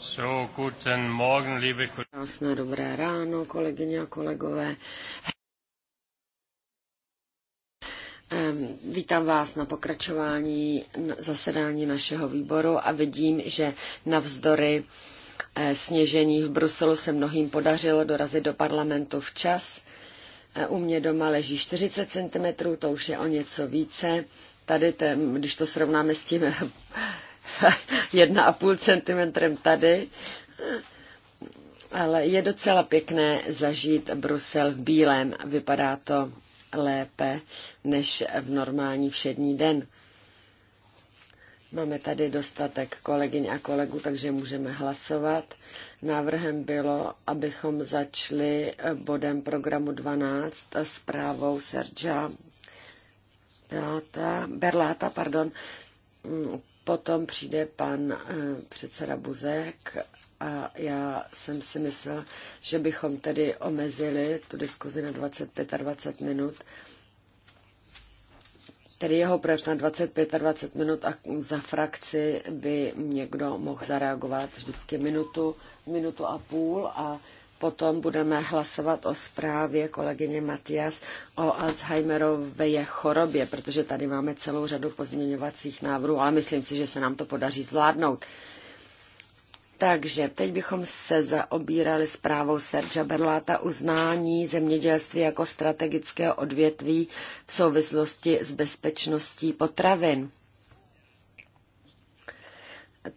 So, guten Morgen, liebe Krásné dobré ráno, kolegyně a kolegové. Vítám vás na pokračování zasedání našeho výboru a vidím, že navzdory eh, sněžení v Bruselu se mnohým podařilo dorazit do parlamentu včas. Eh, u mě doma leží 40 cm, to už je o něco více. Tady, ten, když to srovnáme s tím 1,5 cm tady. Ale je docela pěkné zažít Brusel v bílém. Vypadá to lépe než v normální všední den. Máme tady dostatek kolegyň a kolegů, takže můžeme hlasovat. Návrhem bylo, abychom začali bodem programu 12 s Sergia Berláta, Berláta pardon, Potom přijde pan eh, předseda Buzek a já jsem si myslela, že bychom tedy omezili tu diskuzi na 25 a 20 minut. Tedy jeho projev na 25 a 20 minut a za frakci by někdo mohl zareagovat vždycky minutu, minutu a půl a Potom budeme hlasovat o zprávě kolegyně Matias o Alzheimerově chorobě, protože tady máme celou řadu pozměňovacích návrhů, ale myslím si, že se nám to podaří zvládnout. Takže teď bychom se zaobírali zprávou Serge Berláta uznání zemědělství jako strategického odvětví v souvislosti s bezpečností potravin.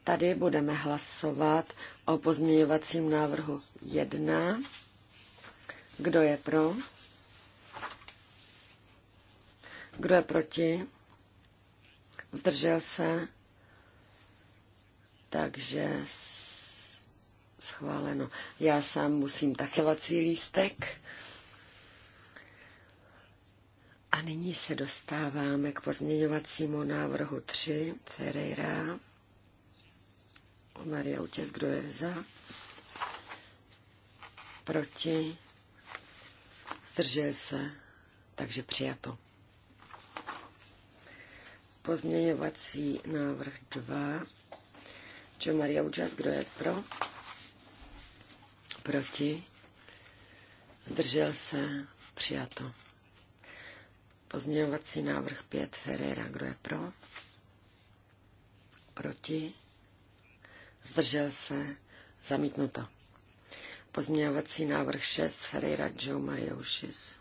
Tady budeme hlasovat o pozměňovacím návrhu 1. Kdo je pro? Kdo je proti? Zdržel se? Takže schváleno. Já sám musím takovací lístek. A nyní se dostáváme k pozměňovacímu návrhu 3 Ferreira. Maria Utěz, kdo je za? Proti? Zdržel se? Takže přijato. Pozměňovací návrh 2. Čo Maria Utěz, kdo je pro? Proti? Zdržel se? Přijato. Pozměňovací návrh 5 Ferreira, Kdo je pro? Proti? zdržel se, zamítnuto. Pozměňovací návrh 6 Ferreira Joe Marioušis.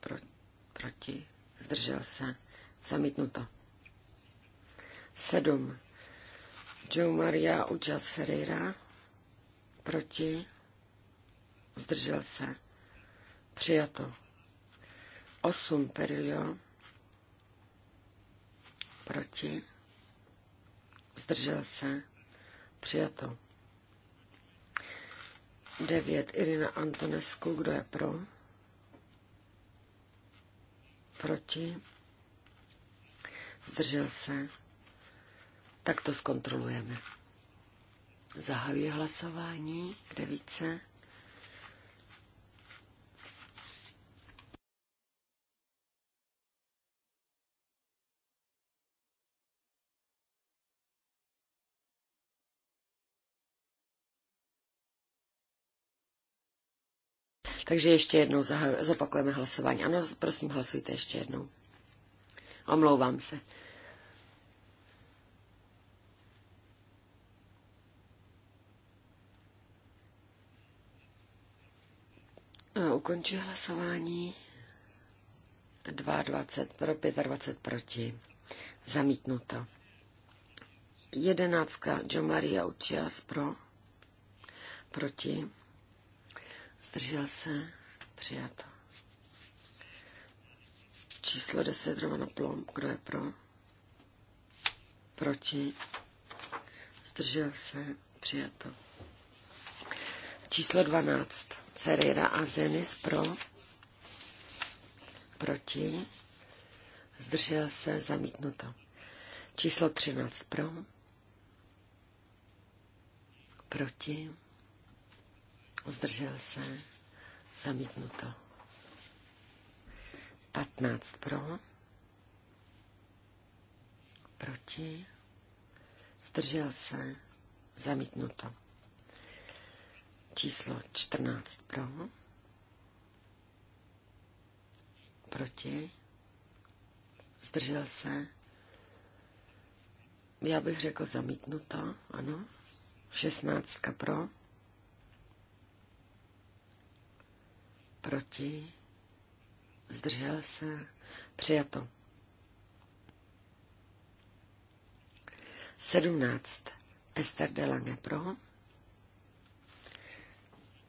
Pro, proti, zdržel se, zamítnuto. 7. Joe Maria Ujas Ferreira. Proti, zdržel se, přijato. 8. Perilio. Proti, Zdržel se. Přijato. 9. Irina Antonescu. Kdo je pro? Proti? Zdržel se. Tak to zkontrolujeme. Zahajuji hlasování k více? Takže ještě jednou zopakujeme hlasování. Ano, prosím, hlasujte ještě jednou. Omlouvám se. Ukončuji hlasování. 22 pro, 25 proti. Zamítnuto. Jedenáctka Jo Maria Učias pro, proti Zdržel se? Přijato. Číslo 10 rovno plom. Kdo je pro? Proti? Zdržel se? Přijato. Číslo 12. Ferreira a Zenis pro? Proti? Zdržel se? Zamítnuto. Číslo 13 pro? Proti? zdržel se, zamítnuto. 15 pro, proti, zdržel se, zamítnuto. Číslo 14 pro, proti, zdržel se, já bych řekl zamítnuto, ano, 16 pro, proti, zdržel se, přijato. 17. Esther de Lange pro,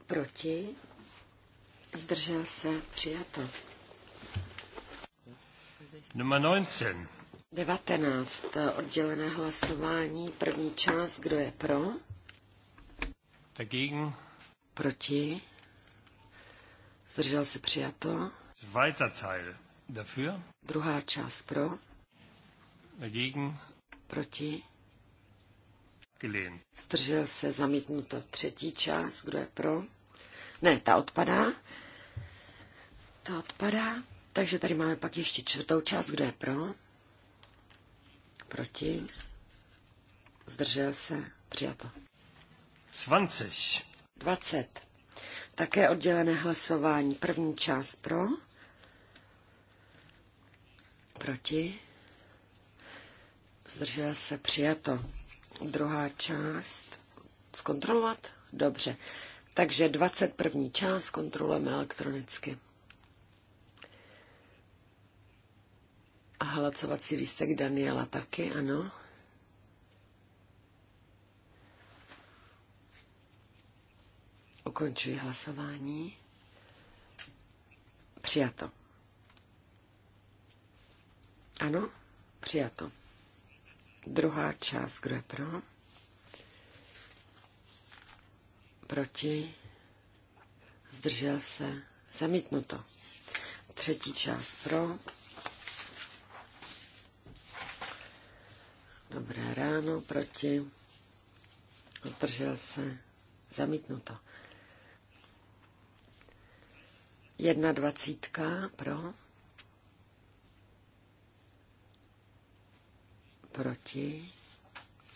proti, zdržel se, přijato. Nummer 19. 19. Oddělené hlasování, první část, kdo je pro? Dagegen. Proti Zdržel se přijato. Zweiter Teil. Dafür. Druhá část pro. Dagegen. Proti. Gelehnt. Zdržel se zamítnuto. Třetí část. Kdo je pro? Ne, ta odpadá. Ta odpadá. Takže tady máme pak ještě čtvrtou část. Kdo je pro? Proti. Zdržel se. Přijato. 20. 20. Také oddělené hlasování. První část pro. Proti. Zdržel se přijato. Druhá část. Zkontrolovat? Dobře. Takže 21. část kontrolujeme elektronicky. A hlasovací lístek Daniela taky, ano. Ukončuji hlasování. Přijato. Ano, přijato. Druhá část, kdo je pro? Proti? Zdržel se? Zamítnuto. Třetí část pro. Dobré ráno, proti? Zdržel se? Zamítnuto. Jedna dvacítka pro. Proti.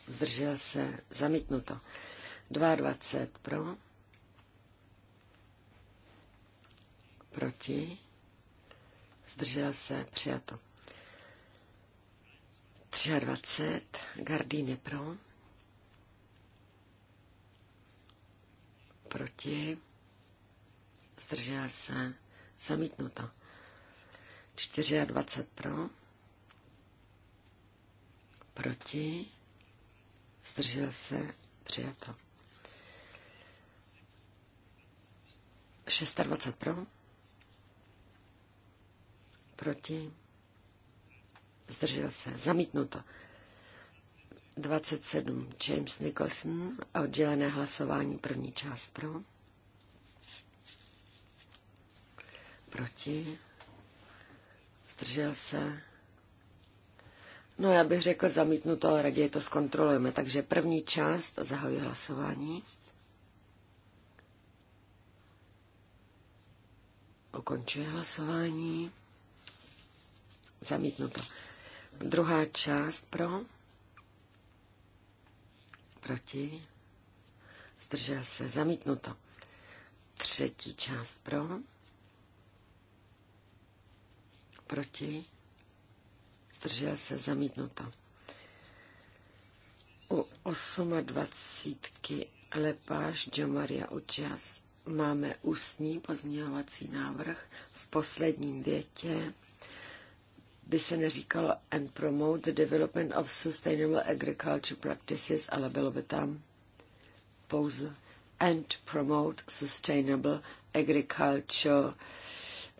Zdržel se. Zamítnuto. 22 pro. Proti. Zdržel se. Přijato. 23. Gardíny pro. Proti zdržel se, zamítnuto. 24 pro, proti, zdržel se, přijato. 26 pro, proti, zdržel se, zamítnuto. 27 James Nicholson, oddělené hlasování, první část pro Proti? Zdržel se? No já bych řekl zamítnuto, ale raději to zkontrolujeme. Takže první část, zahajuji hlasování. Ukončuje hlasování. Zamítnuto. Druhá část pro. Proti. Zdržel se. Zamítnuto. Třetí část pro. Proti? Zdržel se zamítnuto. U 28. Lepáš Maria Učas máme ústní pozměňovací návrh v posledním větě by se neříkalo and promote the development of sustainable agriculture practices, ale bylo by tam pouze and promote sustainable agriculture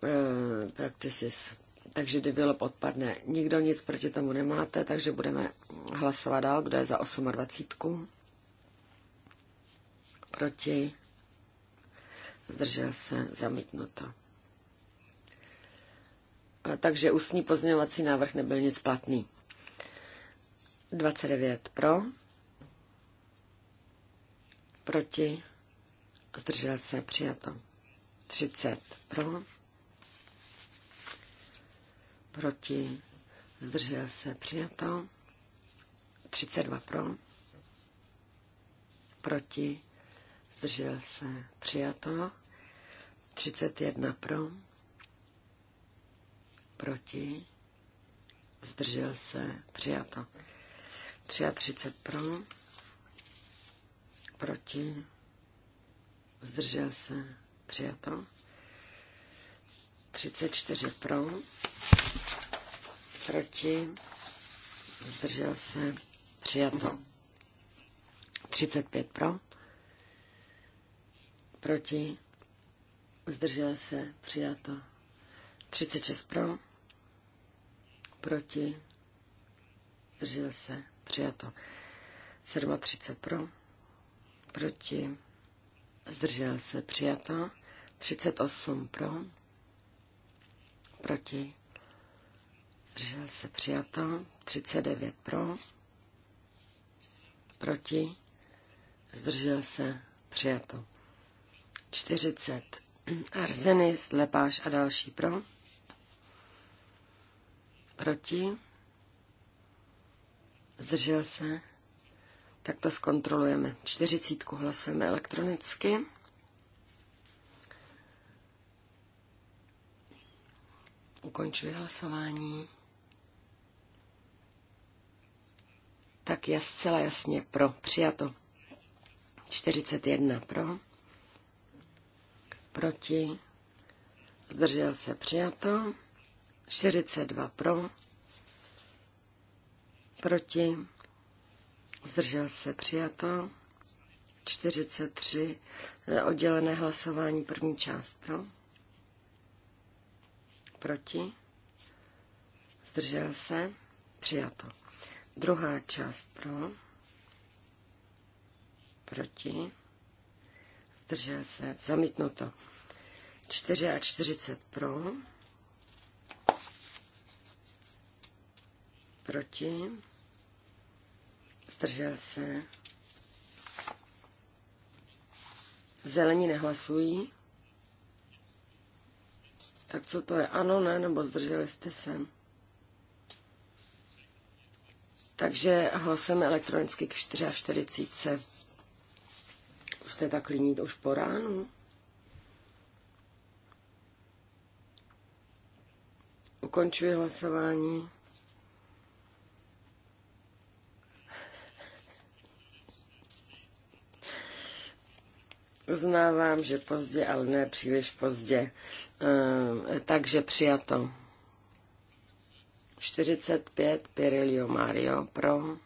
eh, practices takže develop odpadne. Nikdo nic proti tomu nemáte, takže budeme hlasovat dál, kdo je za 28. Proti. Zdržel se, zamítnuto. Takže ústní pozměňovací návrh nebyl nic platný. 29 pro. Proti. Zdržel se, přijato. 30 pro proti, zdržel se, přijato. 32 pro, proti, zdržel se, přijato. 31 pro, proti, zdržel se, přijato. 33 pro, proti, zdržel se, přijato. 34 pro, Proti? Zdržel se? Přijato. 35 pro? Proti? Zdržel se? Přijato. 36 pro? Proti? Zdržel se? Přijato. 37 pro? Proti? Zdržel se? Přijato. 38 pro? Proti? Zdržel se přijato. 39 pro. Proti. Zdržel se přijato. 40. Arzenis, Lepáš a další pro. Proti. Zdržel se. Tak to zkontrolujeme. 40 hlasujeme elektronicky. Ukončuji hlasování. tak já zcela jasně pro. Přijato. 41 pro. Proti. Zdržel se přijato. 42 pro. Proti. Zdržel se přijato. 43 eh, oddělené hlasování první část pro. Proti. Zdržel se. Přijato. Druhá část pro, proti, zdržel se, zamítnuto. 44 pro, proti, zdržel se. Zelení nehlasují. Tak co to je? Ano, ne, nebo zdrželi jste se? Takže hlasujeme elektronicky k 44. Už jste tak líní už po ránu? Ukončuji hlasování. Uznávám, že pozdě, ale ne příliš pozdě. Ehm, takže přijato. 45 Pirilio Mario pro,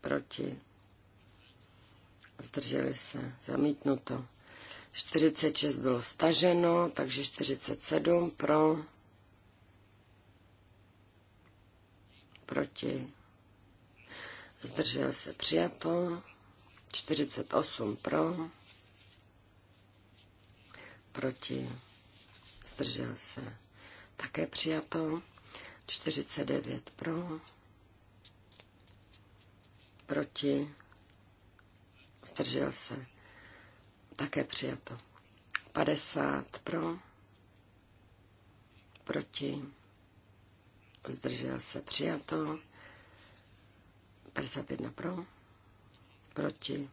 proti, zdrželi se, zamítnuto. 46 bylo staženo, takže 47 pro, proti, zdržel se přijato, 48 pro, proti, zdržel se také přijato. 49 pro, proti, zdržel se, také přijato. 50 pro, proti, zdržel se, přijato. 51 pro, proti,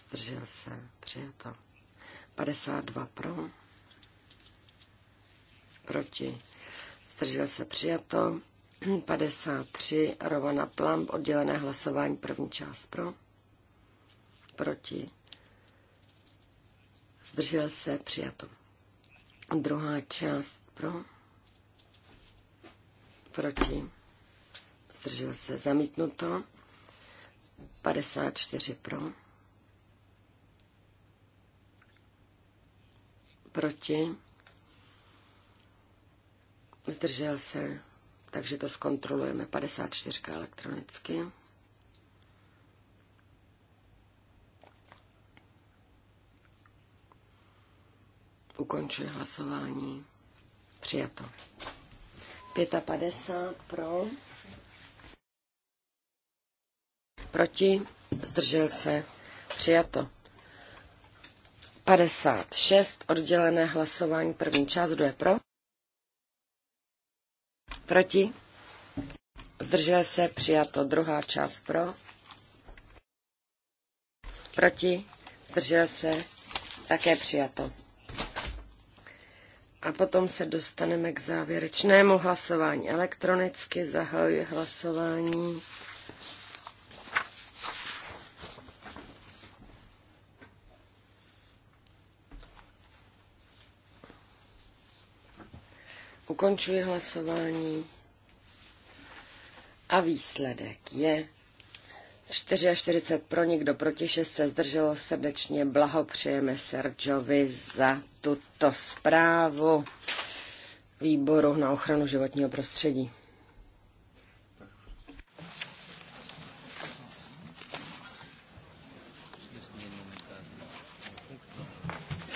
zdržel se, přijato. 52 pro, proti, zdržel se přijato, 53 Rovana Plamp, oddělené hlasování, první část pro, proti, zdržel se přijato. Druhá část pro, proti, zdržel se zamítnuto, 54 pro, proti, Zdržel se, takže to zkontrolujeme. 54 elektronicky. Ukončuji hlasování. Přijato. 55 pro. Proti. Zdržel se. Přijato. 56 oddělené hlasování. První část. Kdo je pro? Proti? Zdržel se přijato. Druhá část pro. Proti? Zdržel se také přijato. A potom se dostaneme k závěrečnému hlasování. Elektronicky zahajuji hlasování. Ukončuji hlasování. A výsledek je 44 pro, nikdo proti, 6 se zdrželo srdečně. Blahopřejeme Sergiovi za tuto zprávu výboru na ochranu životního prostředí.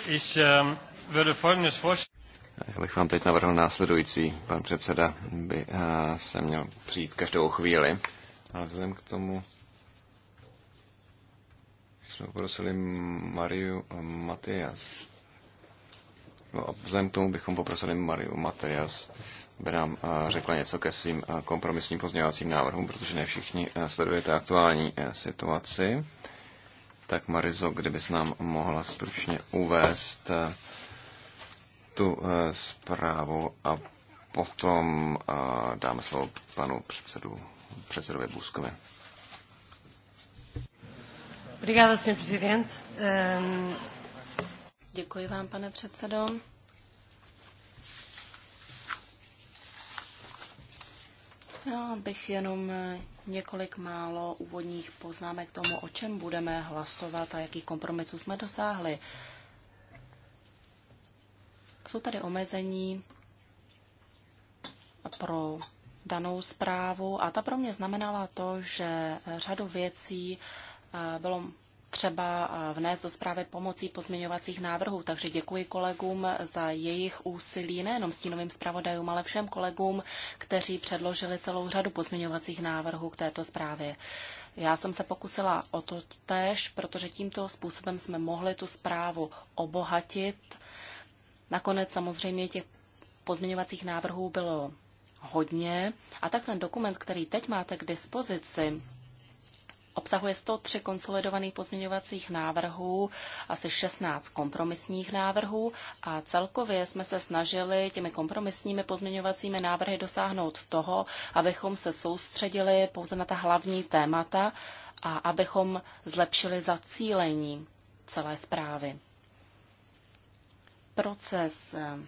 Ich ähm, würde folgendes vorstellen. Já bych vám teď navrhl následující. Pan předseda by eh, se měl přijít každou chvíli, ale vzhledem k tomu jsme poprosili Mariu Matias. No a vzhledem k tomu bychom poprosili Mariu Matias, aby nám eh, řekla něco ke svým eh, kompromisním pozměňovacím návrhům, protože ne všichni sledujete aktuální situaci. Tak Marizo, kdybys nám mohla stručně uvést tu eh, zprávu a potom eh, dáme slovo panu předsedu, předsedovi Buskovi. Ehm, Děkuji vám, pane předsedo. Já bych jenom eh, několik málo úvodních poznámek tomu, o čem budeme hlasovat a jakých kompromisů jsme dosáhli. Jsou tady omezení pro danou zprávu a ta pro mě znamenala to, že řadu věcí eh, bylo třeba eh, vnést do zprávy pomocí pozměňovacích návrhů. Takže děkuji kolegům za jejich úsilí, nejenom stínovým zpravodajům, ale všem kolegům, kteří předložili celou řadu pozměňovacích návrhů k této zprávě. Já jsem se pokusila o to tež, protože tímto způsobem jsme mohli tu zprávu obohatit Nakonec samozřejmě těch pozměňovacích návrhů bylo hodně a tak ten dokument, který teď máte k dispozici, obsahuje 103 konsolidovaných pozměňovacích návrhů, asi 16 kompromisních návrhů a celkově jsme se snažili těmi kompromisními pozměňovacími návrhy dosáhnout toho, abychom se soustředili pouze na ta hlavní témata a abychom zlepšili zacílení celé zprávy proces eh,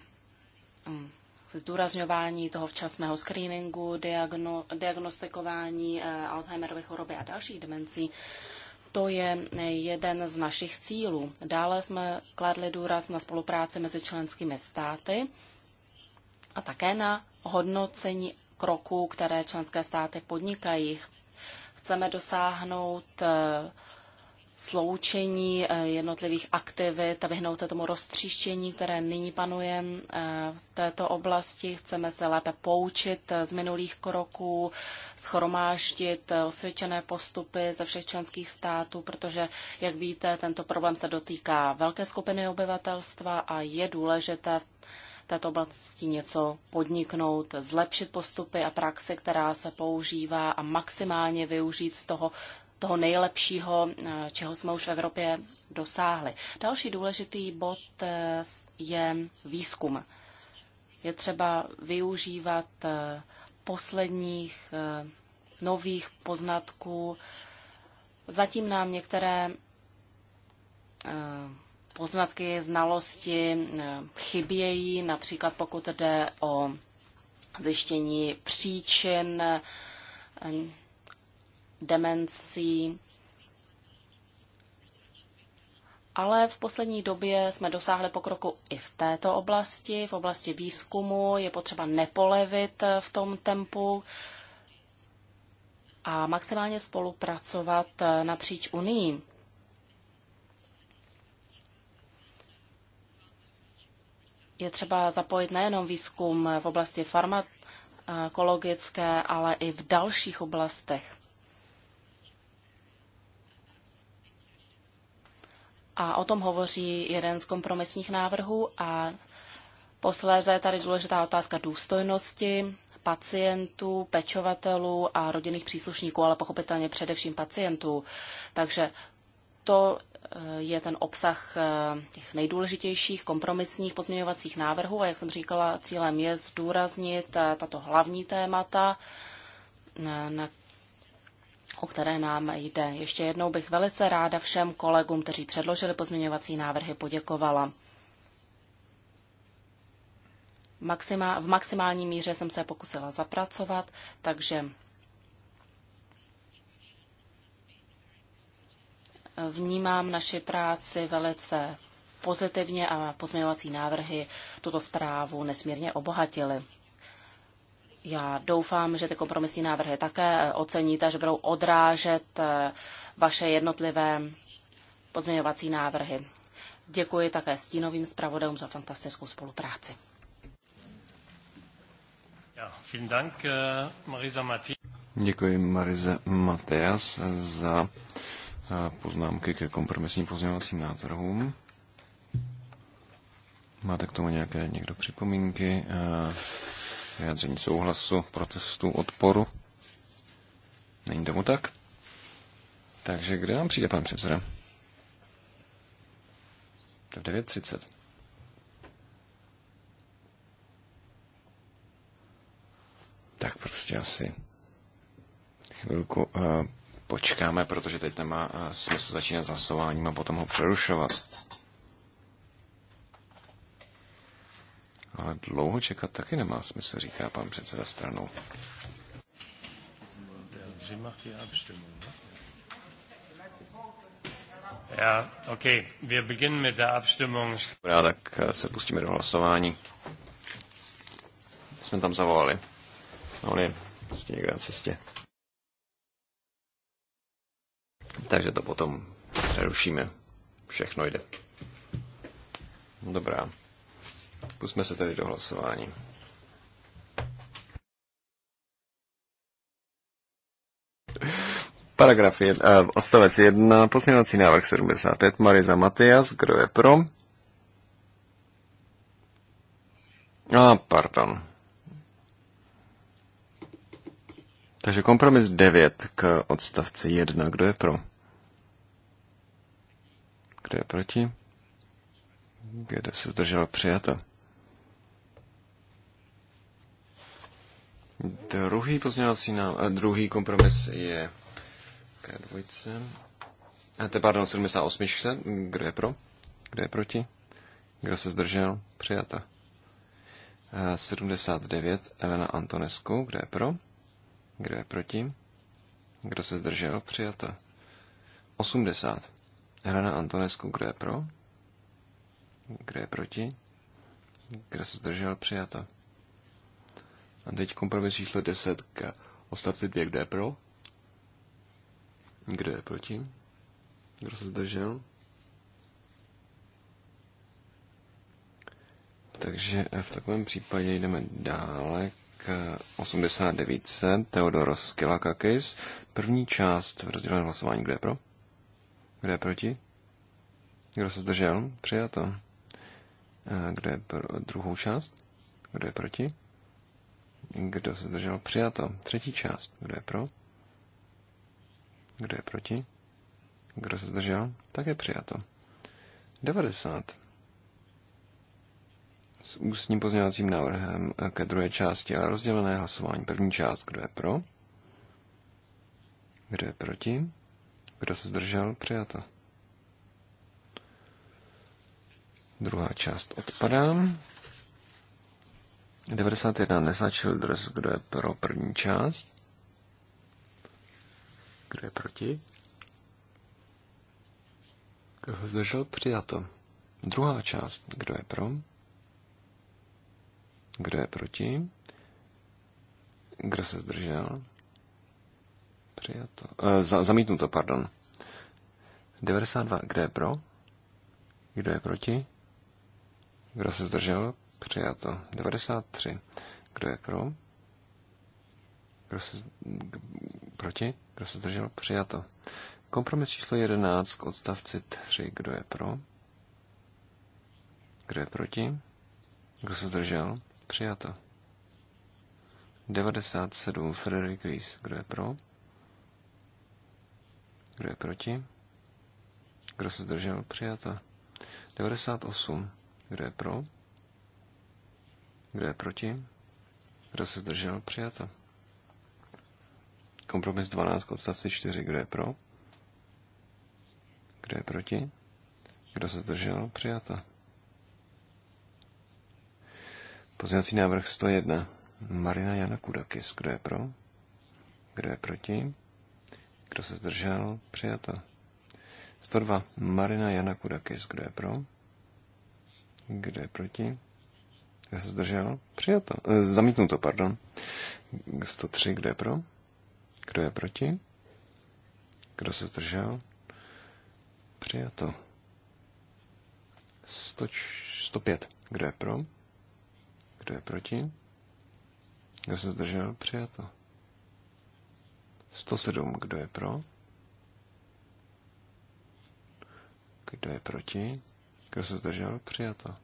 mm, zdůrazňování toho včasného screeningu, diagno, diagnostikování eh, Alzheimerovy choroby a dalších demencí, to je jeden z našich cílů. Dále jsme kladli důraz na spolupráci mezi členskými státy a také na hodnocení kroků, které členské státy podnikají. Chceme dosáhnout eh, sloučení eh, jednotlivých aktivit a vyhnout se tomu roztříštění, které nyní panuje eh, v této oblasti. Chceme se lépe poučit eh, z minulých kroků, schromáždit osvědčené postupy ze všech členských států, protože, jak víte, tento problém se dotýká velké skupiny obyvatelstva a je důležité v této oblasti něco podniknout, zlepšit postupy a praxi, která se používá a maximálně využít z toho toho nejlepšího, eh, čeho jsme už v Evropě dosáhli. Další důležitý bod eh, je výzkum. Je třeba využívat eh, posledních nových poznatků. Zatím nám některé poznatky, znalosti chybějí, například pokud jde o zjištění příčin demencí. Ale v poslední době jsme dosáhli pokroku i v této oblasti, v oblasti výzkumu. Je potřeba nepolevit v tom tempu a maximálně spolupracovat napříč Unii. Je třeba zapojit nejenom výzkum v oblasti farmakologické, ale i v dalších oblastech. a o tom hovoří jeden z kompromisních návrhů a posléze je tady důležitá otázka důstojnosti pacientů, pečovatelů a rodinných příslušníků, ale pochopitelně především pacientů. Takže to eh, je ten obsah eh, těch nejdůležitějších kompromisních pozměňovacích návrhů a jak jsem říkala, cílem je zdůraznit eh, tato hlavní témata, na o které nám jde. Ještě jednou bych velice ráda všem kolegům, kteří předložili pozměňovací návrhy, poděkovala. Maxima, v maximální míře jsem se pokusila zapracovat, takže eh, vnímám naši práci velice pozitivně a pozměňovací návrhy tuto zprávu nesmírně obohatily. Já doufám, že ty kompromisní návrhy také oceníte, že budou odrážet eh, vaše jednotlivé pozměňovací návrhy. Děkuji také stínovým zpravodajům za fantastickou spolupráci. Eh, Děkuji Marize Mateas za eh, poznámky ke kompromisním pozměňovacím návrhům. Máte k tomu nějaké někdo připomínky? vyjádření souhlasu, protestu, odporu. Není tomu tak? Takže kde nám přijde pan předseda? To v 9.30. Tak prostě asi chvilku uh, počkáme, protože teď nemá uh, smysl začínat s hlasováním a potom ho přerušovat. Ale dlouho čekat taky nemá smysl, říká pan předseda stranou. Ja, okay. Wir beginnen mit der Abstimmung. Ja, tak eh, se pustíme do hlasování. Jsme tam zavolali. No, on je prostě někde na cestě. Takže to potom přerušíme. Všechno jde. Dobrá. Pusme se tedy do hlasování. Paragraf 1, eh, odstavec 1, poslanecí návrh 75, Mariza Matias, kdo je pro? A, ah, pardon. Takže kompromis 9 k odstavci 1, kdo je pro? Kdo je proti? kde se zdržela přijato? Druhý pozměňovací nám, eh, druhý kompromis je k dvojce. A eh, je pardon, 78. Kdo je pro? Kdo je proti? Kdo se zdržel? Přijata. 79. Eh, Elena Antonescu. Kdo je pro? Kdo je proti? Kdo se zdržel? Přijata. 80. Elena Antonescu. Kdo je pro? Kdo je proti? Kdo se zdržel? Přijato. A teď kompromis číslo 10 k odstavci 2. Kdo je pro? Kdo je proti? Kdo se zdržel? Takže v takovém případě jdeme dále k 89. Teodoros Skilakakis. První část v rozdělené hlasování. Kdo je pro? Kdo je proti? Kdo se zdržel? Přijato. Kdo je pro druhou část? Kdo je proti? Kdo se zdržel? Přijato. Třetí část. Kdo je pro? Kdo je proti? Kdo se zdržel? Také přijato. 90. S ústním pozměňovacím návrhem ke druhé části a rozdělené hlasování. První část. Kdo je pro? Kdo je proti? Kdo se zdržel? Přijato. Druhá část odpadá. 91 neznačil dres, kdo je pro první část? Kdo je proti? Kdo ho zdržel? Přijato. Druhá část. Kdo je pro? Kdo je proti? Kdo se zdržel? Přijato. E, za, zamítnuto, pardon. 92. Kdo je pro? Kdo je proti? Kdo se zdržel? Přijato. 93. Kdo je pro? Kdo se... Proti? Kdo se zdržel? Přijato. Kompromis číslo 11 k odstavci 3. Kdo je pro? Kdo je proti? Kdo se zdržel? Přijato. 97. Frederik Ries. Kdo je pro? Kdo je proti? Kdo se zdržel? Přijato. 98. Kdo je pro? Kdo je proti? Kdo se zdržel? Přijato. Kompromis 12 k odstavci 4. Kdo je pro? Kdo je proti? Kdo se zdržel? Přijato. Pozměňovací návrh 101. Marina Jana Kudakis. Kdo je pro? Kdo je proti? Kdo se zdržel? Přijato. 102. Marina Jana Kudakis. Kdo je pro? Kdo je proti? Kdo se zdržel? Přijato. E, zamítnuto, pardon. 103, kdo je pro? Kdo je proti? Kdo se zdržel? Přijato. 100, 105, kdo je pro? Kdo je proti? Kdo se zdržel? Přijato. 107, kdo je pro? Kdo je proti? Kdo se zdržel? Přijato.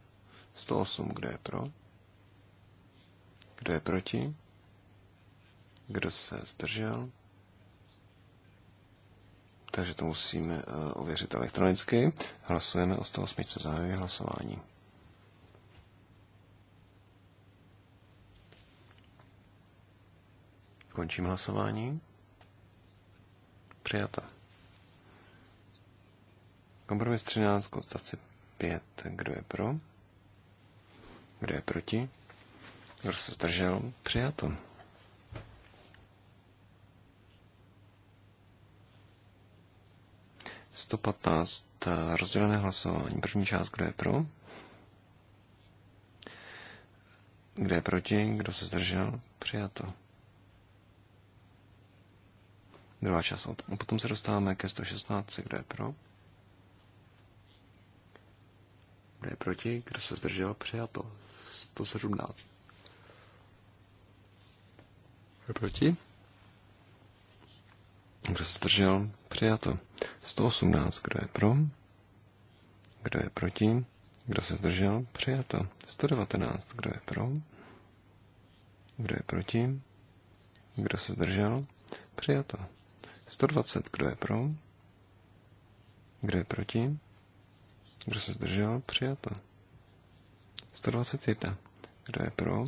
108. Kdo je pro? Kdo je proti? Kdo se zdržel? Takže to musíme uh, ověřit elektronicky. Hlasujeme o 108. Zahajuji hlasování. Končím hlasování. Přijata. Kompromis 13 k 5. Kdo je pro? Kdo je proti? Kdo se zdržel? Přijato. Sto patnáct. Rozdělené hlasování. První část, kdo je pro? Kdo je proti? Kdo se zdržel? Přijato. Druhá část. A potom se dostáváme ke 116. Kdo je pro? Kdo je proti? Kdo se zdržel? Přijato. 117. Kdo je proti? Kdo se zdržel? Přijato. 118. Kdo je pro? Kdo je proti? Kdo se zdržel? Přijato. 119. Kdo je pro? Kdo je proti? Kdo se zdržel? Přijato. 120. Kdo je pro? Kdo je proti? Kdo se zdržel? Přijato. 121. Kdo je pro?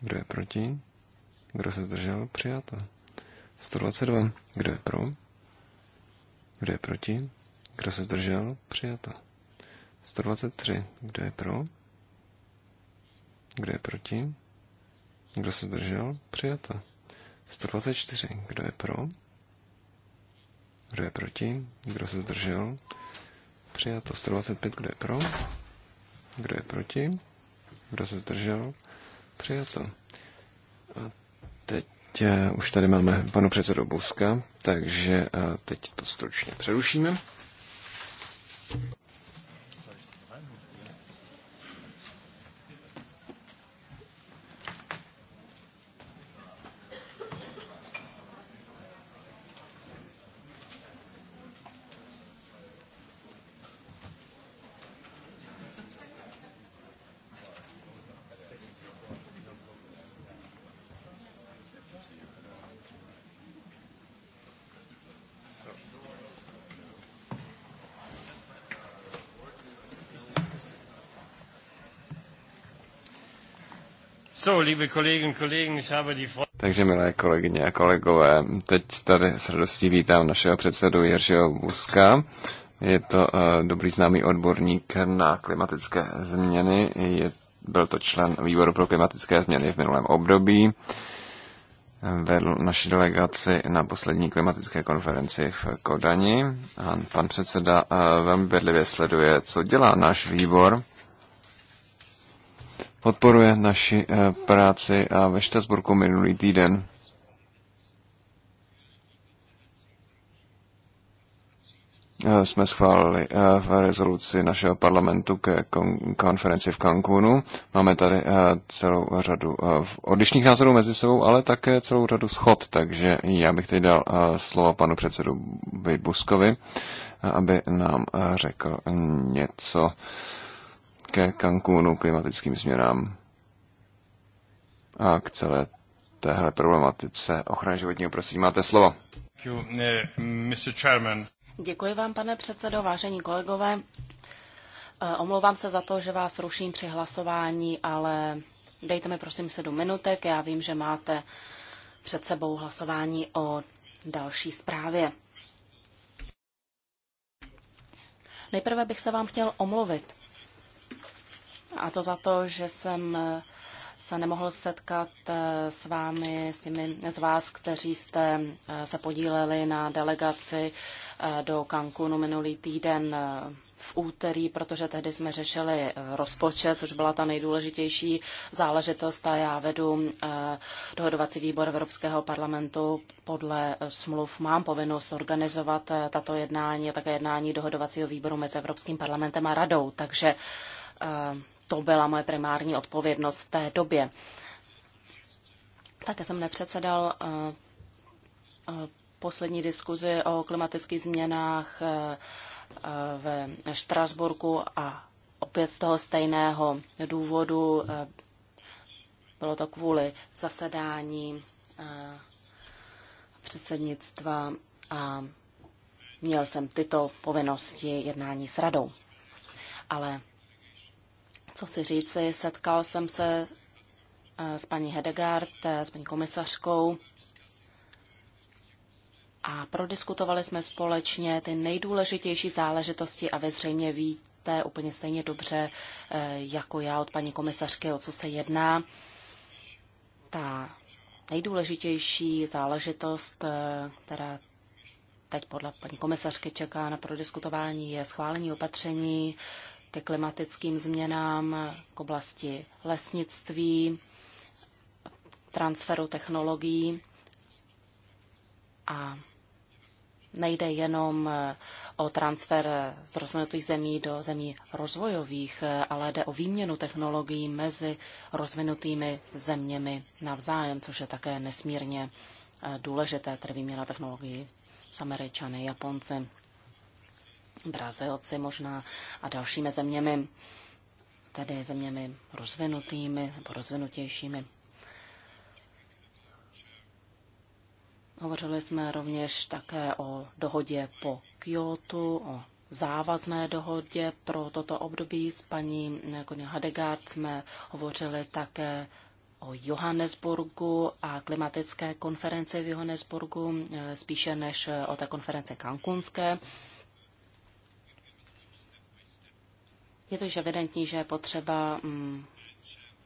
Kdo je proti? Kdo se zdržel? Přijato. 122. Kdo je pro? Kdo je proti? Kdo se zdržel? Přijato. 123. Kdo je pro? Kdo je proti? Kdo se zdržel? Přijato. 124. Kdo je pro? Kdo je proti? Kdo se zdržel? Přijato 125, kdo je pro? Kdo je proti? Kdo se zdržel? Přijato. A teď eh, už tady máme panu předsedu Buska, takže eh, teď to stručně přerušíme. Takže, milé kolegyně a kolegové, teď tady s radostí vítám našeho předsedu Jiřího Buska. Je to uh, dobrý známý odborník na klimatické změny. Je, byl to člen výboru pro klimatické změny v minulém období. Vedl naši delegaci na poslední klimatické konferenci v Kodani. A pan předseda uh, velmi bedlivě sleduje, co dělá náš výbor podporuje naši eh, práci a ve Štrasburku minulý týden eh, jsme schválili eh, v rezoluci našeho parlamentu ke konferenci v Cancúnu. Máme tady celou řadu odlišných názorů mezi sebou, ale také celou řadu schod, takže já bych teď dal slovo panu předsedu Buskovi, aby nám řekl něco ke Cancúnu, klimatickým změnám a k celé téhle problematice ochrany životního prostředí. Máte slovo. Eh, Děkuji vám, pane předsedo, vážení kolegové. Eh, omlouvám se za to, že vás ruším při hlasování, ale dejte mi prosím sedm minutek. Já vím, že máte před sebou hlasování o další zprávě. Nejprve bych se vám chtěl omluvit. A to za to, že jsem se nemohl setkat eh, s vámi, s těmi z vás, kteří jste eh, se podíleli na delegaci eh, do Cancunu minulý týden v úterý, protože tehdy jsme řešili rozpočet, což byla ta nejdůležitější záležitost a já vedu dohodovací výbor Evropského parlamentu. Podle smluv mám povinnost organizovat tato jednání a také jednání dohodovacího výboru mezi Evropským parlamentem a radou, takže to byla moje primární odpovědnost v té době. Také jsem nepředsedal eh, eh, poslední diskuzi o klimatických změnách eh, ve Štrasburku a opět z toho stejného důvodu bylo to kvůli zasedání předsednictva a měl jsem tyto povinnosti jednání s radou. Ale co chci říci, setkal jsem se eh, s paní Hedegard, eh, s paní komisařkou a prodiskutovali jsme společně ty nejdůležitější záležitosti a vy zřejmě víte úplně stejně dobře eh, jako já od paní komisařky, o co se jedná. Ta nejdůležitější záležitost, která teď podle paní komisařky čeká na prodiskutování, je schválení opatření ke klimatickým změnám, k oblasti lesnictví, transferu technologií a nejde jenom eh, o transfer z rozvinutých zemí do zemí rozvojových, eh, ale jde o výměnu technologií mezi rozvinutými zeměmi navzájem, což je také nesmírně eh, důležité, tedy výměna technologií s Američany, Japonci. Brazilci možná a dalšími zeměmi, tedy zeměmi rozvinutými nebo rozvinutějšími. Hovořili jsme rovněž také o dohodě po Kyoto, o závazné dohodě pro toto období. S paní Koně Hadegard jsme hovořili také o Johannesburgu a klimatické konferenci v Johannesburgu, e, spíše než e, o té konference kankunské. Je to již evidentní, že je potřeba mm,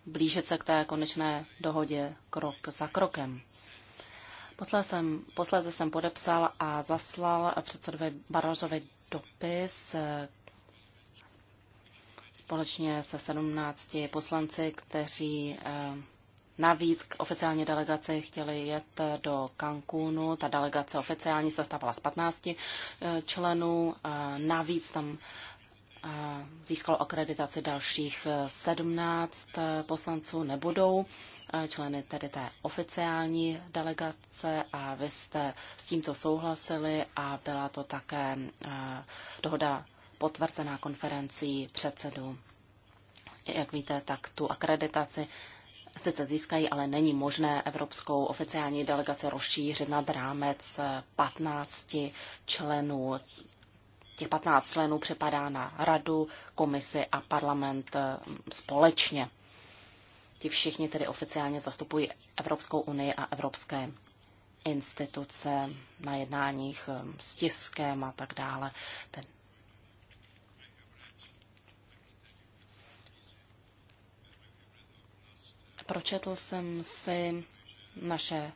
blížit se k té konečné dohodě krok za krokem. Posledně jsem, posledně jsem podepsal a zaslal předsedovi Barrozovi dopis eh, společně se 17 poslanci, kteří eh, navíc k oficiální delegaci chtěli jet do Cancúnu. Ta delegace oficiální se stávala z 15 eh, členů. Navíc tam získalo akreditaci dalších 17 eh, eh, poslanců, nebudou eh, členy tedy té oficiální delegace a vy jste s tímto souhlasili a byla to také dohoda potvrzená konferencí předsedů. Jak víte, tak tu akreditaci sice získají, ale není možné evropskou oficiální delegaci rozšířit nad rámec 15 členů těch 15 členů přepadá na radu, komisi a parlament eh, společně. Ti všichni tedy oficiálně zastupují Evropskou unii a evropské instituce na jednáních eh, s tiskem a tak dále. Ten Pročetl jsem si naše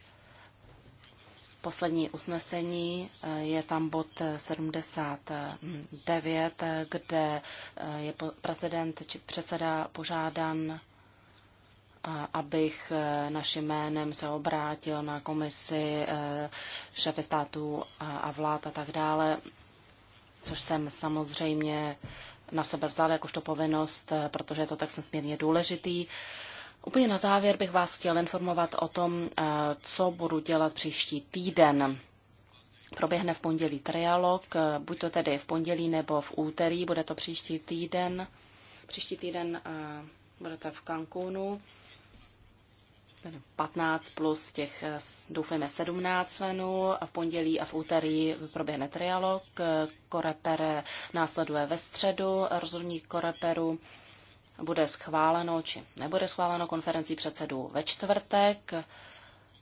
poslední usnesení. Eh, je tam bod 79, eh, eh, kde je prezident či předseda požádan, abych naším jménem se obrátil na komisi šefy států a vlád a tak dále, což jsem samozřejmě na sebe vzal jakožto povinnost, protože je to tak nesmírně důležitý. Úplně na závěr bych vás chtěl informovat o tom, eh, co budu dělat příští týden. Proběhne v pondělí trialog, eh, buď to tedy v pondělí nebo v úterý, bude to příští týden. Příští týden eh, budete v Cancúnu. 15 plus těch, doufejme, 17 členů a v pondělí a v úterý proběhne trialog. Koreper následuje ve středu, rozhodní koreperu bude schváleno či nebude schváleno konferencí předsedů ve čtvrtek.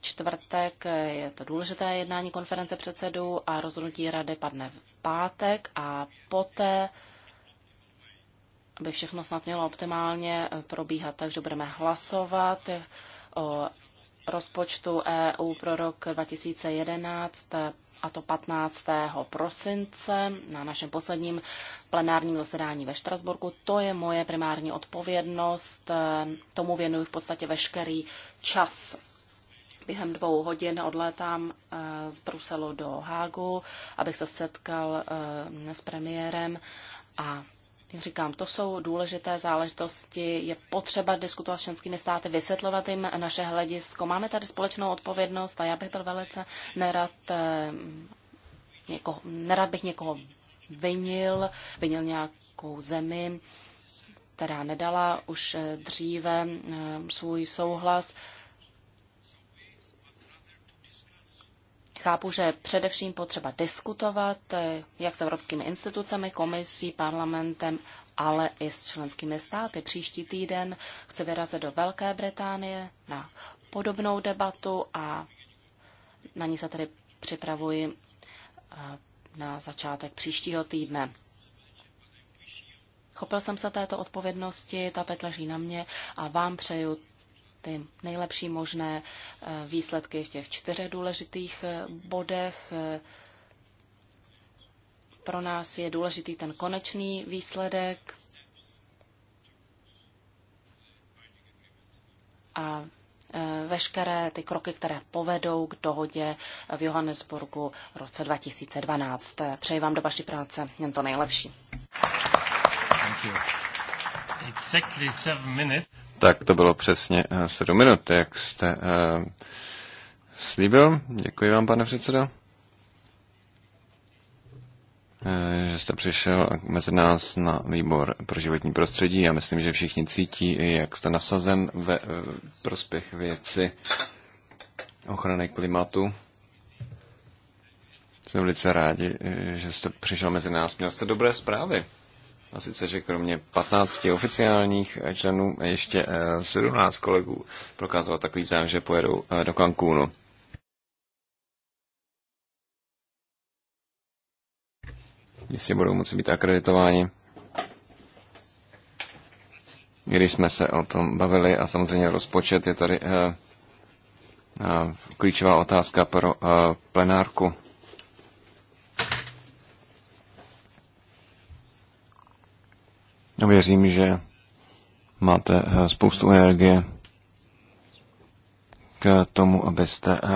Čtvrtek je to důležité jednání konference předsedů a rozhodnutí rady padne v pátek a poté aby všechno snad mělo optimálně probíhat, takže budeme hlasovat o rozpočtu EU pro rok 2011 a to 15. prosince na našem posledním plenárním zasedání ve Štrasburku. To je moje primární odpovědnost, tomu věnuji v podstatě veškerý čas. Během dvou hodin odlétám eh, z Bruselu do Hágu, abych se setkal eh, s premiérem a jak říkám, to jsou důležité záležitosti, je potřeba diskutovat s členskými státy, vysvětlovat jim naše hledisko. Máme tady společnou odpovědnost a já bych byl velice nerad, eh, někoho, nerad bych někoho vinil, vinil nějakou zemi, která nedala už eh, dříve eh, svůj souhlas. Chápu, že především potřeba diskutovat, eh, jak s evropskými institucemi, komisí, parlamentem, ale i s členskými státy. Příští týden chci vyrazit do Velké Británie na podobnou debatu a na ní se tedy připravuji eh, na začátek příštího týdne. Chopil jsem se této odpovědnosti, ta teď leží na mě a vám přeju ty nejlepší možné eh, výsledky v těch čtyřech důležitých eh, bodech. Eh, pro nás je důležitý ten konečný výsledek a veškeré ty kroky, které povedou k dohodě v Johannesburgu v roce 2012. Přeji vám do vaší práce jen to nejlepší. Exactly seven minutes. Tak to bylo přesně 7 eh, minut, jak jste eh, slíbil. Děkuji vám, pane předsedo eh, že jste přišel mezi nás na výbor pro životní prostředí. Já myslím, že všichni cítí, jak jste nasazen ve prospěch věci ochrany klimatu. Jsem velice rádi, že jste přišel mezi nás. Měl jste dobré zprávy. A sice, že kromě 15 oficiálních členů ještě 17 eh, kolegů prokázalo takový zájem, že pojedou eh, do Cancúnu. Jistě budou moci být akreditováni. Když jsme se o tom bavili a samozřejmě rozpočet je tady eh, klíčová otázka pro plenárku. Věřím, že máte eh, spoustu energie k tomu, abyste eh,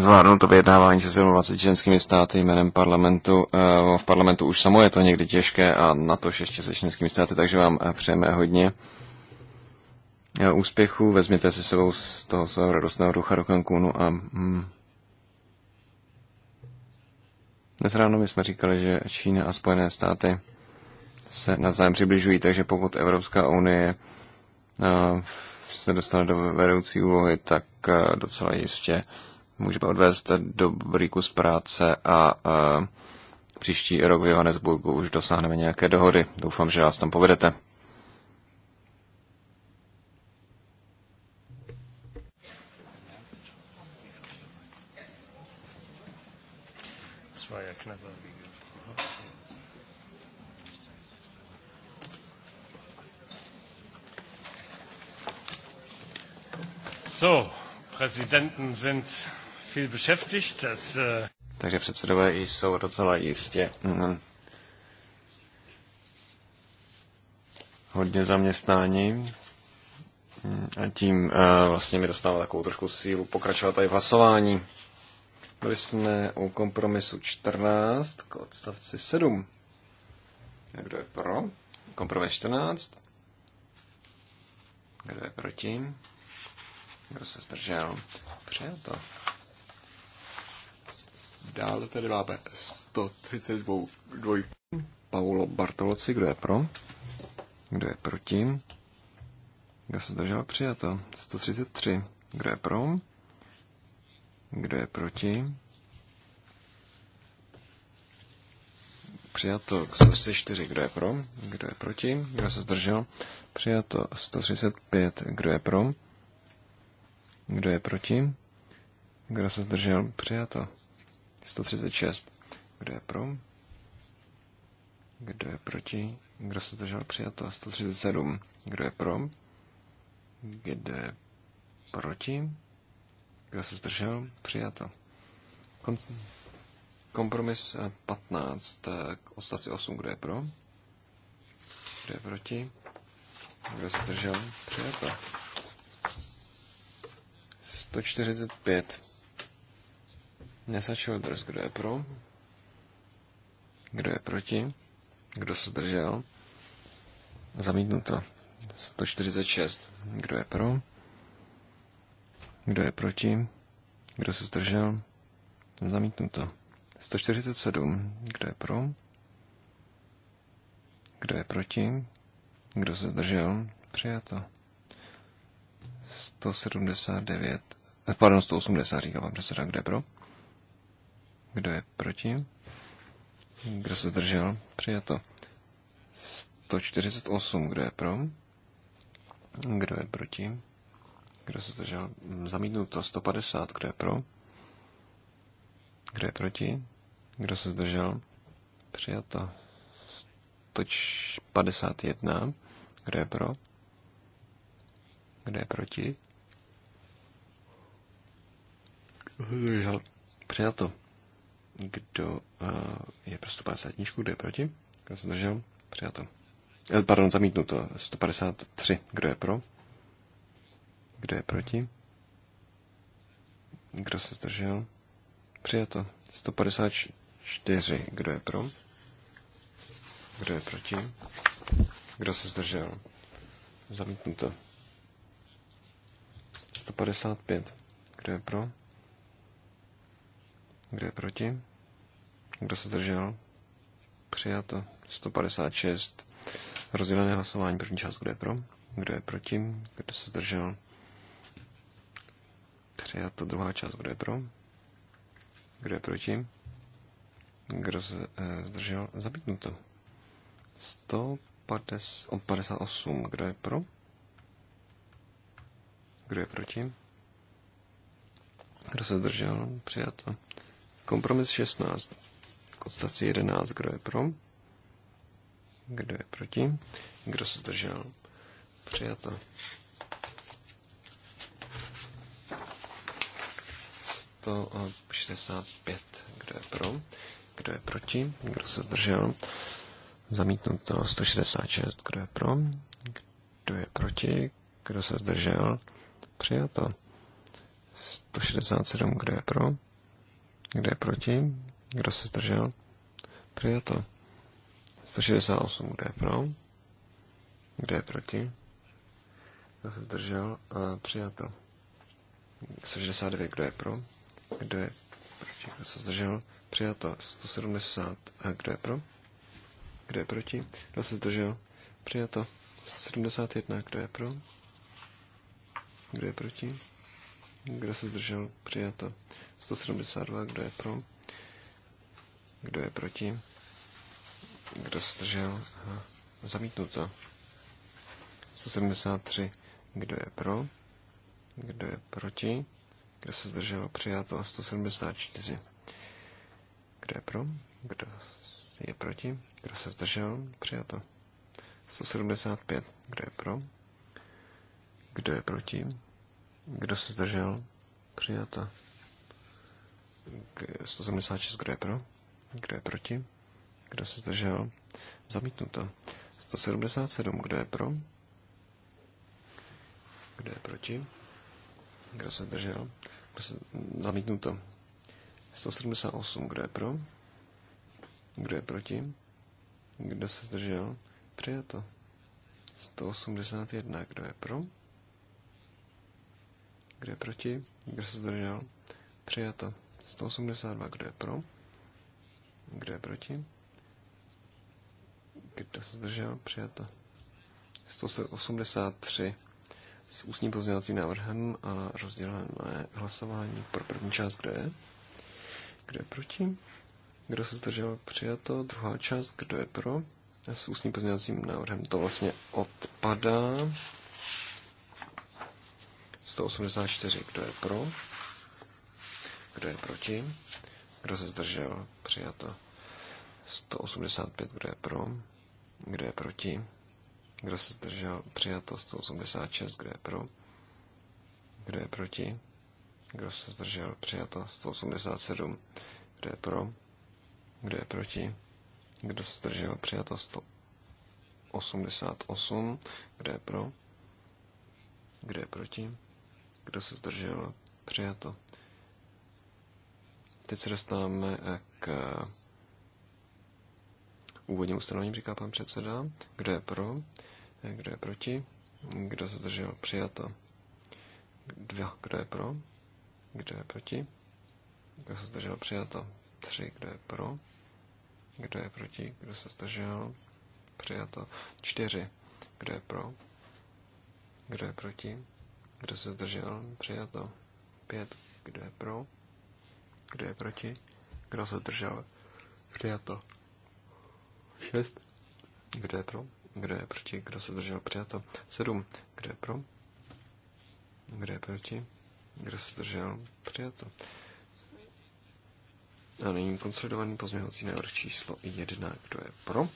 zvládnul to vyjednávání se 27 členskými státy jménem parlamentu. Eh, v parlamentu už samo je to někdy těžké a na to ještě se členskými státy, takže vám přejeme hodně úspěchu. Vezměte si sebou z toho svého radostného ducha do Cancúnu a mm, dnes ráno my jsme říkali, že Čína a Spojené státy se navzájem přibližují, takže pokud Evropská unie eh, se dostane do vedoucí úlohy, tak eh, docela jistě můžeme odvést dobrý kus práce a eh, příští rok v Johannesburgu už dosáhneme nějaké dohody. Doufám, že vás tam povedete. So, Präsidenten sind viel beschäftigt. Das, uh... Takže předsedové jsou docela jistě mm, hodně zaměstnání mm, a tím uh, vlastně mi dostává takovou trošku sílu pokračovat tady v hlasování. Byli jsme u kompromisu 14 k odstavci 7. A kdo je pro? Kompromis 14. Kdo je proti? Kdo se zdržel? Přijato. Dále tady máme 132 dvoj. Paulo Bartoloci, kdo je pro? Kdo je proti? Kdo se zdržel? Přijato. 133. Kdo je pro? Kdo je proti? Přijato 134. Kdo je pro? Kdo je proti? Kdo se zdržel? Přijato 135. Kdo je pro? Kdo je proti? Kdo se zdržel? Přijato. 136. Kdo je pro? Kdo je proti? Kdo se zdržel? Přijato. 137. Kdo je pro? Kdo je proti? Kdo se zdržel? Přijato. Kon- kompromis 15 eh, eh, k odstavci 8. Kdo je pro? Kdo je proti? Kdo se zdržel? Přijato. 145. Nesačilders, kdo je pro? Kdo je proti? Kdo se držel? Zamítnuto. 146. Kdo je pro? Kdo je proti? Kdo se zdržel? Zamítnuto. 147. Kdo je pro? Kdo je proti? Kdo se zdržel? Přijato. 179, eh, pardon, 180, říká vám předseda, kde pro? Kdo je proti? Kdo se zdržel? Přijato. 148, kdo je pro? Kdo je proti? Kdo se zdržel? Zamítnuto 150, kdo je pro? Kdo je proti? Kdo se zdržel? Přijato 151, kdo je pro? Kdo je proti? Zdržel. Přijato. Kdo uh, je pro 150? Kdo je proti? Kdo se zdržel? Přijato. Eh, pardon, zamítnuto. 153. Kdo je pro? Kdo je proti? Kdo se zdržel? Přijato. 154. Kdo je pro? Kdo je proti? Kdo se zdržel? Zamítnuto. 155. Kdo je pro? Kdo je proti? Kdo se zdržel? Přijato. 156. Rozdělené hlasování. První část. Kdo je pro? Kdo je proti? Kdo se zdržel? Přijato. Druhá část. Kdo je pro? Kdo je proti? Kdo se eh, zdržel? Zamítnuto. 158. Kdo je pro? Kdo je proti? Kdo se zdržel? Přijato. Kompromis 16. K odstavci 11. Kdo je pro? Kdo je proti? Kdo se zdržel? Přijato. 65. Kdo je pro? Kdo je proti? Kdo se zdržel? Zamítnuto 166. Kdo je pro? Kdo je proti? Kdo se zdržel? Přijato. 167, kdo je pro? Kdo je proti? Kdo se zdržel? Přijato. 168, kdo je pro? Kdo je proti? Kdo se zdržel? A eh, přijato. 169, kdo je pro? Kdo je proti? Kdo se zdržel? Přijato. 170, a eh, kdo je pro? Kdo je proti? Kdo se zdržel? Přijato. 171, kdo je pro? Kdo je proti? Kdo se zdržel? Přijato. 172. Kdo je pro? Kdo je proti? Kdo se zdržel? Aha. Zamítnuto. 173. Kdo je pro? Kdo je proti? Kdo se zdržel? Přijato. 174. Kdo je pro? Kdo je proti? Kdo se zdržel? Přijato. 175. Kdo je pro? Kdo je proti? Kdo se zdržel? Přijato. 176, kdo je pro? Kdo je proti? Kdo se zdržel? Zamítnuto. 177, kdo je pro? Kdo je proti? Kdo se zdržel? Kdo se... Zamítnuto. 178, kdo je pro? Kdo je proti? Kdo se zdržel? Přijato. 181, kdo je pro? Kdo je proti? Kdo se zdržel? Přijato. 182. Kdo je pro? Kdo je proti? Kdo se zdržel? Přijato. 183 s ústním pozměňovacím návrhem a rozdělené hlasování pro první část, kdo je, kdo je proti, kdo se zdržel přijato, druhá část, kdo je pro, s ústním pozměňovacím návrhem to vlastně odpadá. 184. Kdo je pro? Kdo je proti? Kdo se zdržel? Přijato. 185. Kdo je pro? Kdo je proti? Kdo se zdržel? Přijato. 186. Kdo je pro? Kdo je proti? Kdo se zdržel? Přijato. 187. Kdo je pro? Kdo je proti? Kdo se zdržel? Přijato. 188. Kdo je pro? Kdo je proti? Kdo se zdržel? Přijato. Teď se dostáváme k úvodním ustanovením, říká pan předseda. Kdo je pro? Kdo je proti? Kdo se zdržel? Přijato. Dva. Kdo je pro? Kdo je proti? Kdo se zdržel? Přijato. Tři. Kdo je pro? Kdo je proti? Kdo se zdržel? Přijato. Čtyři. Kdo je pro? Kdo je proti? Kdo se zdržel? Přijato. Pět. Kdo je pro? Kdo je proti? Kdo se zdržel? Přijato. Šest. Kdo je pro? Kdo je proti? Kdo se zdržel? Přijato. Sedm. Kdo je pro? Kdo je proti? Kdo se zdržel? Přijato. A nyní konsolidovaný pozměňovací návrh číslo 1. Kdo je pro?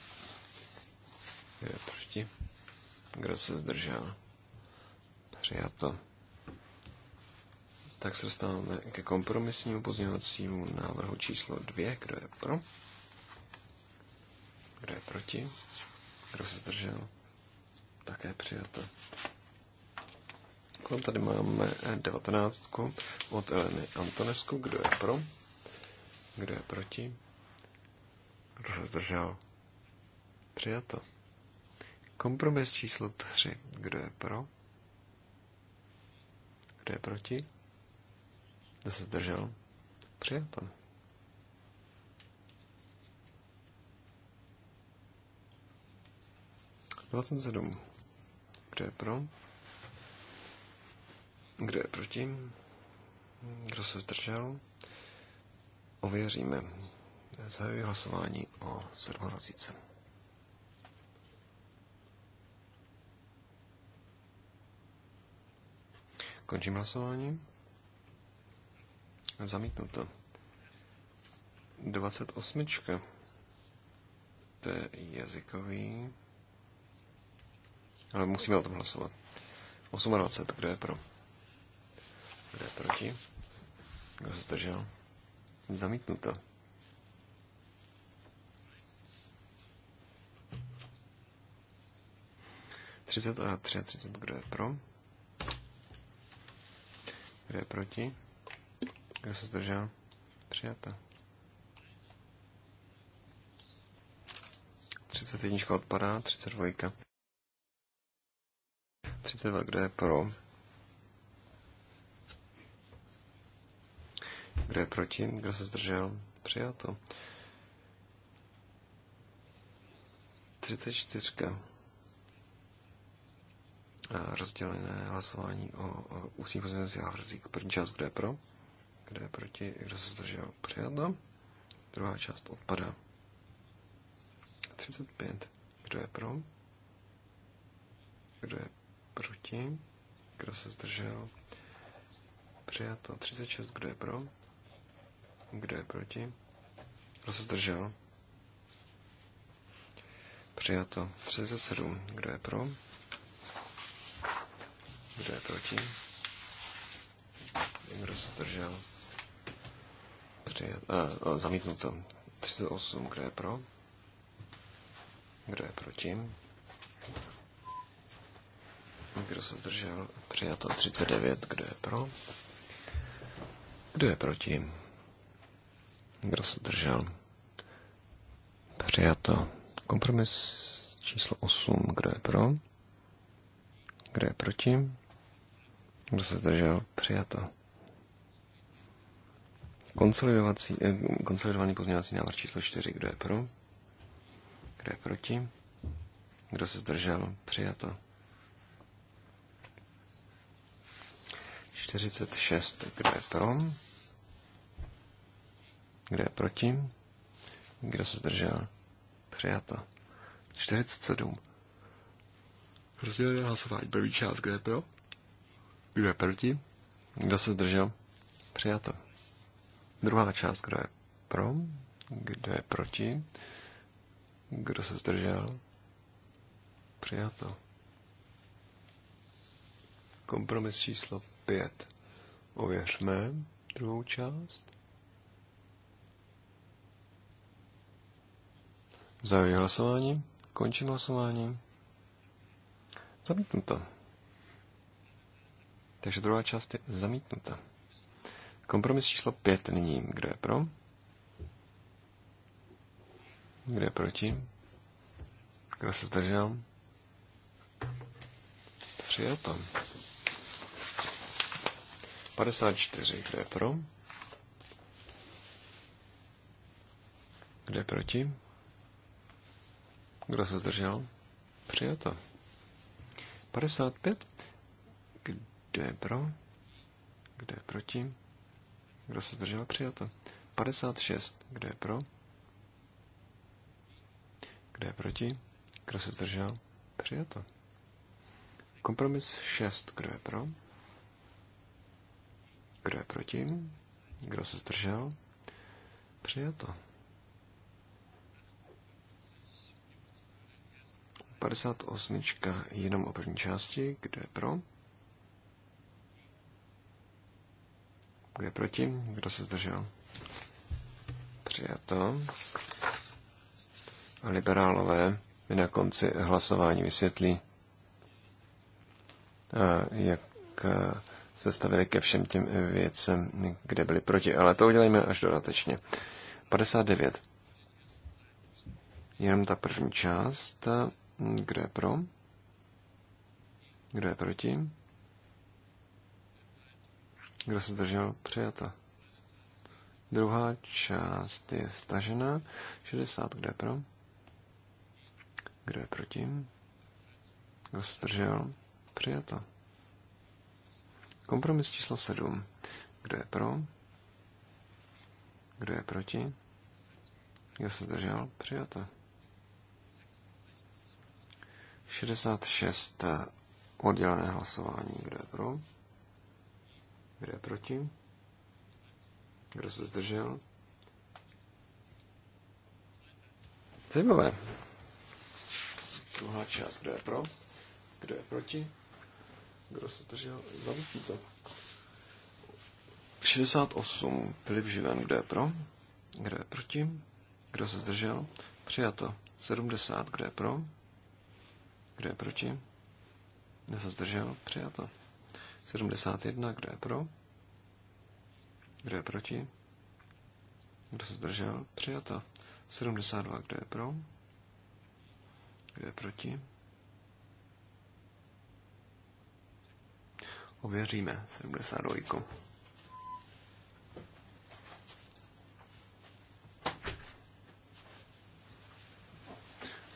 Kdo je proti? Kdo se zdržel? Přijato. Tak se dostáváme ke kompromisnímu pozměňovacímu návrhu číslo 2. Kdo je pro? Kdo je proti? Kdo se zdržel? Také přijato. Kolem tady máme devatenáctku od Eleny Antonesku. Kdo je pro? Kdo je proti? Kdo se zdržel? Přijato. Kompromis číslo 3. Kdo je pro? Kdo je proti? Kdo se zdržel? Přijato. Dvacet sedm. Kdo je pro? Kdo je proti? Kdo se zdržel? Ověříme. Zahajuji hlasování o 27. Končím hlasování. Zamítnuto. 28. To je jazykový. Ale musíme o tom hlasovat. 28. Kdo je pro? Kdo je proti? Kdo se zdržel? Zamítnuto. Třicet a třicet, kdo je pro? Kdo je proti? Kdo se zdržel? Přijato. 31 odpadá, 32. 32, kdo je pro? Kdo je proti? Kdo se zdržel? Přijato. 34. Eh, rozdělené hlasování o ústních pozměňovacích návrzích. První část, kdo je pro, kdo je proti, kdo se zdržel, přijato. Druhá část odpadá. 35. Kdo je pro? Kdo je proti? Kdo se zdržel? Přijato. 36. Kdo je pro? Kdo je proti? Kdo se zdržel? Přijato. 37. Kdo je pro? Kdo je proti? Kdo se zdržel? Přijat, eh, eh zamítnuto. 38. Kdo je pro? Kdo je proti? Kdo se zdržel? Přijato 39. Kdo je pro? Kdo je proti? Kdo se zdržel? Přijato. Kompromis číslo 8. Kdo je pro? Kdo je proti? Kdo se zdržel? Přijato. Konsolidovací, eh, konsolidovaný pozměňovací návrh číslo 4. Kdo je pro? Kdo je proti? Kdo se zdržel? Přijato. 46. Kdo je pro? Kdo je proti? Kdo se zdržel? Přijato. 47. Rozdělené hlasování. První část, kde je pro? Kdo je proti? Kdo se zdržel? Přijato. Druhá část, kdo je pro? Kdo je proti? Kdo se zdržel? Přijato. Kompromis číslo 5. Ověřme druhou část. Zahajuji hlasování. Končím hlasování. Zamítnuto. to. Takže druhá část je zamítnuta. Kompromis číslo 5 nyní. Kdo je pro? Kdo je proti? Kdo se zdržel? Přijel tam. 54. Kdo je pro? Kdo je proti? Kdo se zdržel? Přijato. 55. Kdo je pro? Kdo je proti? Kdo se zdržel? Přijato. 56. Kdo je pro? Kdo je proti? Kdo se zdržel? Přijato. Kompromis 6. Kdo je pro? Kdo je proti? Kdo se zdržel? Přijato. 58. Jenom o první části. Kdo je pro? Kdo je proti? Kdo se zdržel? Přijato. A liberálové mi na konci hlasování vysvětlí, jak se stavili ke všem těm věcem, kde byli proti. Ale to udělejme až dodatečně. 59. Jenom ta první část, kde je pro, kde je proti kdo se zdržel? Přijato. Druhá část je stažena. 60, kde je pro? Kdo je proti? Kdo se zdržel? Přijato. Kompromis číslo 7. Kdo je pro? Kdo je proti? Kdo se zdržel? Přijato. 66. Oddělené hlasování. Kdo je pro? Kdo je proti? Kdo se zdržel? Zajímavé. Druhá část. Kdo je pro? Kdo je proti? Kdo se zdržel? to. 68. Filip Živen. Kdo je pro? Kdo je proti? Kdo se zdržel? Přijato. 70. Kdo je pro? Kdo je proti? Kdo se zdržel? Přijato. 71, kdo je pro? Kdo je proti? Kdo se zdržel? Přijato. 72, kdo je pro? Kdo je proti? Ověříme 72.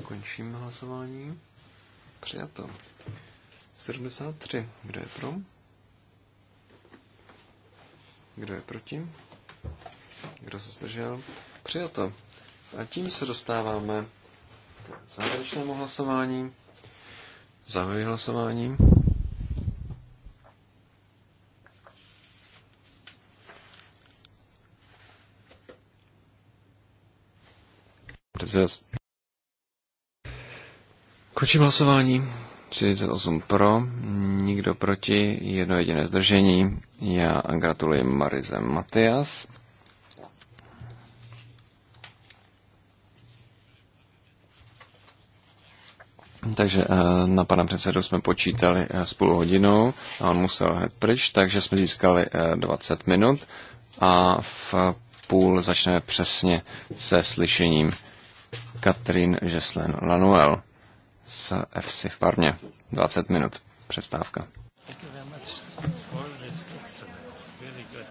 Končím hlasování. Přijato. 73. Kdo je pro? Kdo je proti? Kdo se zdržel? Přijato. A tím se dostáváme k závěrečnému hlasování. Zahajuji hlasování. Končím hlasování. 38 pro, nikdo proti, jedno jediné zdržení. Já gratuluji Marize Matias. Takže eh, na pana předsedu jsme počítali eh, s půl hodinou a on musel hned pryč, takže jsme získali 20 eh, minut a v půl začneme přesně se slyšením Katrin Žeslen Lanuel s FC v Parmě. 20 minut přestávka. Thank you very much.